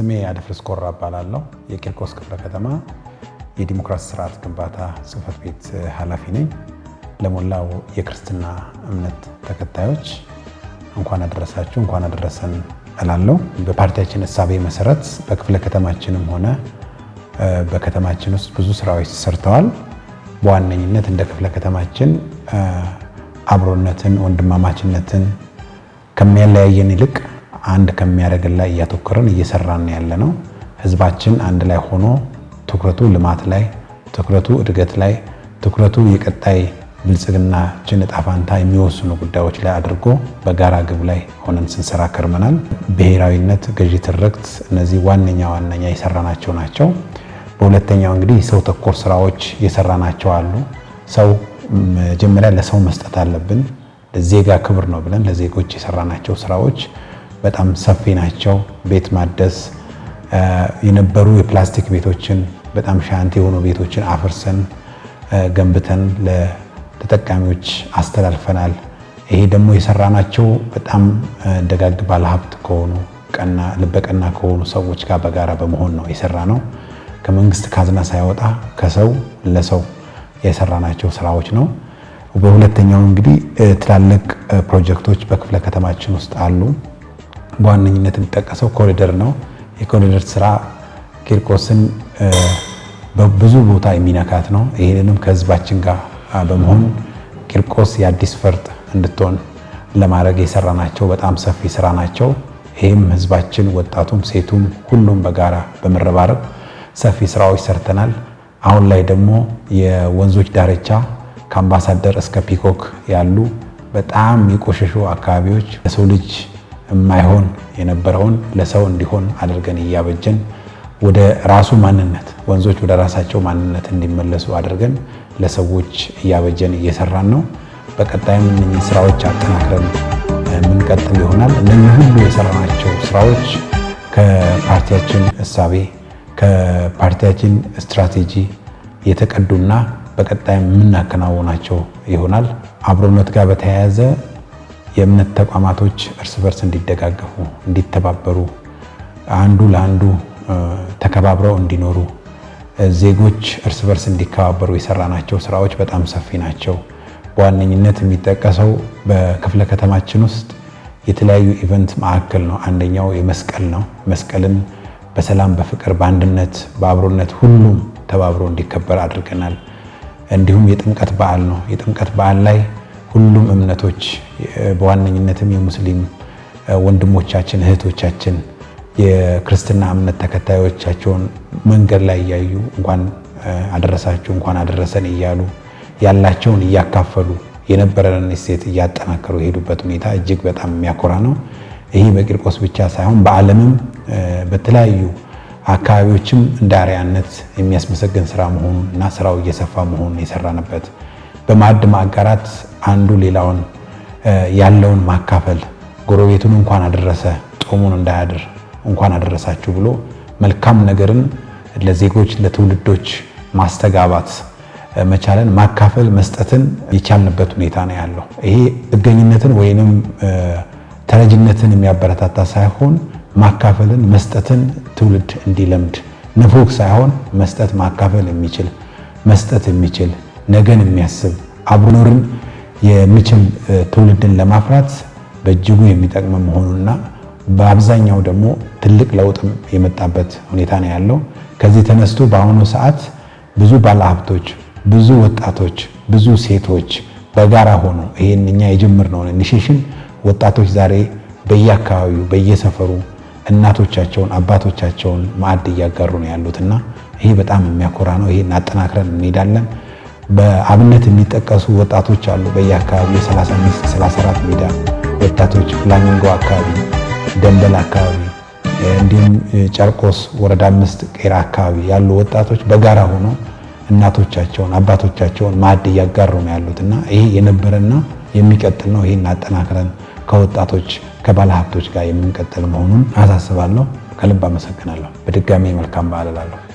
ስሜ አደፍርስ ኮራ እባላለሁ። የቂርቆስ ክፍለ ከተማ የዲሞክራሲ ስርዓት ግንባታ ጽህፈት ቤት ኃላፊ ነኝ። ለሞላው የክርስትና እምነት ተከታዮች እንኳን አደረሳችሁ እንኳን አደረሰን እላለሁ። በፓርቲያችን እሳቤ መሰረት በክፍለ ከተማችንም ሆነ በከተማችን ውስጥ ብዙ ስራዎች ተሰርተዋል። በዋነኝነት እንደ ክፍለ ከተማችን አብሮነትን፣ ወንድማማችነትን ከሚያለያየን ይልቅ አንድ ከሚያደርግን ላይ እያተኮረን እየሰራን ያለ ነው። ህዝባችን አንድ ላይ ሆኖ ትኩረቱ ልማት ላይ፣ ትኩረቱ እድገት ላይ፣ ትኩረቱ የቀጣይ ብልጽግናችን ዕጣ ፋንታ የሚወስኑ ጉዳዮች ላይ አድርጎ በጋራ ግብ ላይ ሆነን ስንሰራ ከርመናል። ብሔራዊነት፣ ገዢ ትርክት፣ እነዚህ ዋነኛ ዋነኛ የሰራናቸው ናቸው። በሁለተኛው እንግዲህ ሰው ተኮር ስራዎች የሰራናቸው አሉ። ሰው መጀመሪያ ለሰው መስጠት አለብን። ለዜጋ ክብር ነው ብለን ለዜጎች የሰራናቸው ስራዎች በጣም ሰፊ ናቸው። ቤት ማደስ የነበሩ የፕላስቲክ ቤቶችን በጣም ሻንቲ የሆኑ ቤቶችን አፍርሰን ገንብተን ለተጠቃሚዎች አስተላልፈናል። ይሄ ደግሞ የሰራናቸው በጣም ደጋግ ባለሀብት ከሆኑ ቀና ልበቀና ከሆኑ ሰዎች ጋር በጋራ በመሆን ነው የሰራ ነው። ከመንግስት ካዝና ሳይወጣ ከሰው ለሰው የሰራናቸው ስራዎች ነው። በሁለተኛው እንግዲህ ትላልቅ ፕሮጀክቶች በክፍለ ከተማችን ውስጥ አሉ። በዋነኝነት የሚጠቀሰው ኮሪደር ነው። የኮሪደር ስራ ቂርቆስን በብዙ ቦታ የሚነካት ነው። ይህንንም ከህዝባችን ጋር በመሆን ቂርቆስ የአዲስ ፈርጥ እንድትሆን ለማድረግ የሰራ ናቸው። በጣም ሰፊ ስራ ናቸው። ይህም ህዝባችን ወጣቱም፣ ሴቱም ሁሉም በጋራ በመረባረብ ሰፊ ስራዎች ሰርተናል። አሁን ላይ ደግሞ የወንዞች ዳርቻ ከአምባሳደር እስከ ፒኮክ ያሉ በጣም የቆሸሹ አካባቢዎች ለሰው ልጅ የማይሆን የነበረውን ለሰው እንዲሆን አድርገን እያበጀን ወደ ራሱ ማንነት ወንዞች ወደ ራሳቸው ማንነት እንዲመለሱ አድርገን ለሰዎች እያበጀን እየሰራን ነው። በቀጣይም እነኝህ ስራዎች አጠናክረን የምንቀጥል ይሆናል። እነኝህ ሁሉ የሰራናቸው ስራዎች ከፓርቲያችን እሳቤ ከፓርቲያችን ስትራቴጂ የተቀዱና በቀጣይም የምናከናውናቸው ይሆናል። አብሮነት ጋር በተያያዘ የእምነት ተቋማቶች እርስ በርስ እንዲደጋገፉ፣ እንዲተባበሩ፣ አንዱ ለአንዱ ተከባብረው እንዲኖሩ፣ ዜጎች እርስ በርስ እንዲከባበሩ የሰራናቸው ስራዎች በጣም ሰፊ ናቸው። በዋነኝነት የሚጠቀሰው በክፍለ ከተማችን ውስጥ የተለያዩ ኢቨንት ማዕከል ነው። አንደኛው የመስቀል ነው። መስቀልን በሰላም በፍቅር በአንድነት በአብሮነት ሁሉም ተባብሮ እንዲከበር አድርገናል። እንዲሁም የጥምቀት በዓል ነው። የጥምቀት በዓል ላይ ሁሉም እምነቶች በዋነኝነትም የሙስሊም ወንድሞቻችን እህቶቻችን የክርስትና እምነት ተከታዮቻቸውን መንገድ ላይ እያዩ እንኳን አደረሳችሁ እንኳን አደረሰን እያሉ ያላቸውን እያካፈሉ የነበረን እሴት እያጠናከሩ የሄዱበት ሁኔታ እጅግ በጣም የሚያኮራ ነው። ይሄ በቂርቆስ ብቻ ሳይሆን በዓለምም በተለያዩ አካባቢዎችም እንደ አርያነት የሚያስመሰግን ስራ መሆኑን እና ስራው እየሰፋ መሆኑን የሰራንበት በማዕድ ማጋራት አንዱ ሌላውን ያለውን ማካፈል ጎረቤቱን እንኳን አደረሰ ጦሙን እንዳያድር እንኳን አደረሳችሁ ብሎ መልካም ነገርን ለዜጎች ለትውልዶች ማስተጋባት መቻለን ማካፈል መስጠትን የቻልንበት ሁኔታ ነው ያለው። ይሄ ጥገኝነትን ወይንም ተረጅነትን የሚያበረታታ ሳይሆን ማካፈልን መስጠትን ትውልድ እንዲለምድ ንፉግ ሳይሆን መስጠት ማካፈል የሚችል መስጠት የሚችል ነገን የሚያስብ አብሮ ኖርን የሚችል ትውልድን ለማፍራት በእጅጉ የሚጠቅም መሆኑና በአብዛኛው ደግሞ ትልቅ ለውጥም የመጣበት ሁኔታ ነው ያለው። ከዚህ ተነስቶ በአሁኑ ሰዓት ብዙ ባለሀብቶች፣ ብዙ ወጣቶች፣ ብዙ ሴቶች በጋራ ሆኖ ይህን እኛ የጀመርነውን ኢኒሼሽን ወጣቶች ዛሬ በየአካባቢው በየሰፈሩ እናቶቻቸውን አባቶቻቸውን ማዕድ እያጋሩ ነው ያሉትና ይሄ በጣም የሚያኮራ ነው። ይሄን አጠናክረን እንሄዳለን። በአብነት የሚጠቀሱ ወጣቶች አሉ። በየአካባቢ የ35 34 ሜዳ ወጣቶች ፍላሚንጎ አካባቢ፣ ደንበል አካባቢ እንዲሁም ጨርቆስ ወረዳ አምስት ቄራ አካባቢ ያሉ ወጣቶች በጋራ ሆነው እናቶቻቸውን አባቶቻቸውን ማዕድ እያጋሩ ነው ያሉት እና ይሄ የነበረና የሚቀጥል ነው። ይሄን አጠናክረን ከወጣቶች ከባለሀብቶች ጋር የምንቀጥል መሆኑን አሳስባለሁ። ከልብ አመሰግናለሁ። በድጋሚ መልካም በዓል እላለሁ።